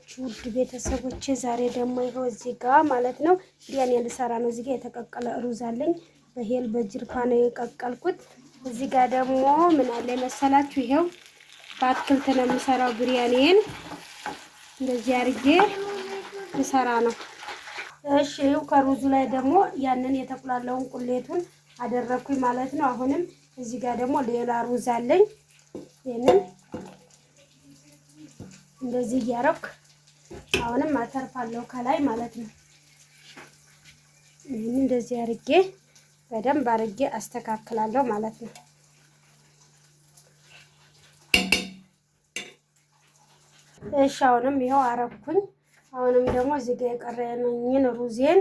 ናችሁ ውድ ቤተሰቦቼ? ዛሬ ደግሞ ይኸው እዚህ ጋ ማለት ነው ቢሪያኒ ልሰራ ነው። እዚህ ጋ የተቀቀለ ሩዝ አለኝ። በሄል በጅርፋ ነው የቀቀልኩት። እዚህ ጋ ደግሞ ምን አለ መሰላችሁ? ይኸው በአትክልት ነው የምሰራው ቢሪያኒን እንደዚህ አድርጌ ልሰራ ነው። እሺ ይኸው ከሩዙ ላይ ደግሞ ያንን የተቁላለውን ቁሌቱን አደረግኩኝ ማለት ነው። አሁንም እዚህ ጋ ደግሞ ሌላ ሩዝ አለኝ። ይህንን እንደዚህ እያረኩ አሁንም አተርፋለሁ ከላይ ማለት ነው። ይህን እንደዚህ አርጌ በደንብ አርጌ አስተካክላለሁ ማለት ነው። እሺ አሁንም ይኸው አረኩኝ። አሁንም ደግሞ እዚህ ጋር የቀረኝን ሩዜን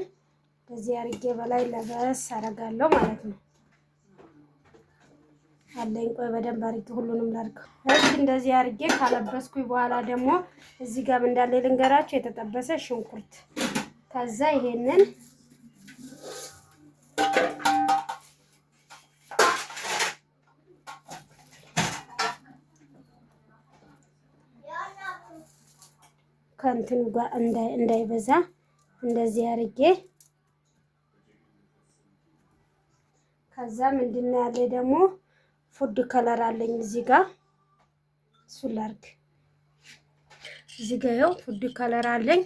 እንደዚህ አርጌ በላይ ለበስ አደርጋለሁ ማለት ነው። አለኝ። ቆይ በደንብ አድርጌ ሁሉንም ላድርገው። እሺ እንደዚህ አድርጌ ካለበስኩኝ በኋላ ደግሞ እዚህ ጋር እንዳለ ልንገራችሁ፣ የተጠበሰ ሽንኩርት ከዛ ይሄንን ከእንትኑ ጋር እንዳይበዛ እንደዚህ አድርጌ ከዛ ምንድን ነው ያለ ደግሞ ፉድ ከለር አለኝ እዚህ ጋር እሱን ላድርግ። እዚህ ጋር ይኸው ፉድ ከለር አለኝ።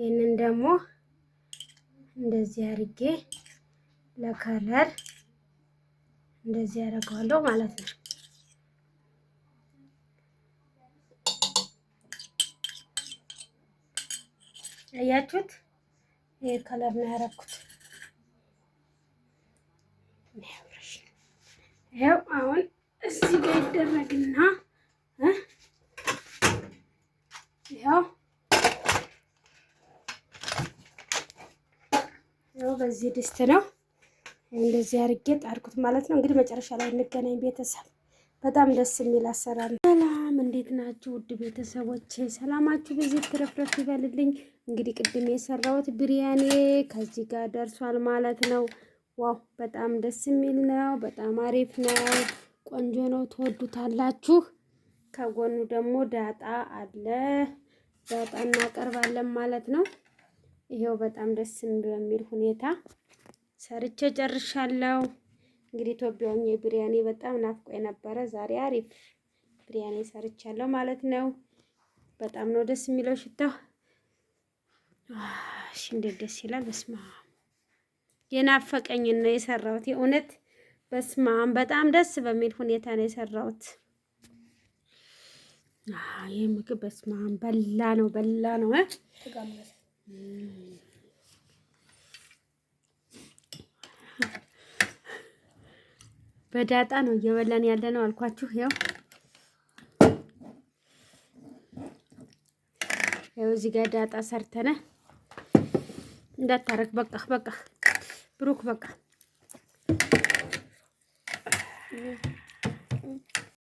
ይህንን ደግሞ እንደዚህ አድርጌ ለከለር እንደዚህ ያደርገዋለሁ ማለት ነው። አያችሁት? ይህ ከለር ነው ያደረኩት። ይኸው አሁን እዚህ ጋር ይደረግና ይኸው ይኸው በዚህ ድስት ነው እንደዚህ አድርጌ ጣድኩት ማለት ነው። እንግዲህ መጨረሻ ላይ እንገናኝ ቤተሰብ። በጣም ደስ የሚል አሰራር ነው። ሰላም እንዴት ናችሁ ውድ ቤተሰቦች ሰላማችሁ ብዙ ትረፍረፍ ይበልልኝ። እንግዲህ ቅድም የሰራሁት ብሪያኔ ከዚህ ጋር ደርሷል ማለት ነው። ዋው በጣም ደስ የሚል ነው። በጣም አሪፍ ነው። ቆንጆ ነው። ትወዱታላችሁ። ከጎኑ ደግሞ ዳጣ አለ። ዳጣ እናቀርባለን ማለት ነው። ይሄው በጣም ደስ በሚል ሁኔታ ሰርቼ ጨርሻለሁ። እንግዲህ ኢትዮጵያውኝ ብሪያኔ በጣም ናፍቆ የነበረ ዛሬ አሪፍ ብሪያኔ ሰርቻለሁ ማለት ነው። በጣም ነው ደስ የሚለው ሽታው። እሺ እንዴት ደስ ይላል! በስማ የናፈቀኝ ነው የሰራሁት። የእውነት በስማም በጣም ደስ በሚል ሁኔታ ነው የሰራሁት። ይህ ምግብ በስማም በላ ነው በላ ነው በዳጣ ነው እየበላን ያለ ነው አልኳችሁ። ያው ያው እዚህ ጋር ዳጣ ሰርተነ እንዳታረግ በቃ በቃ Brok bak.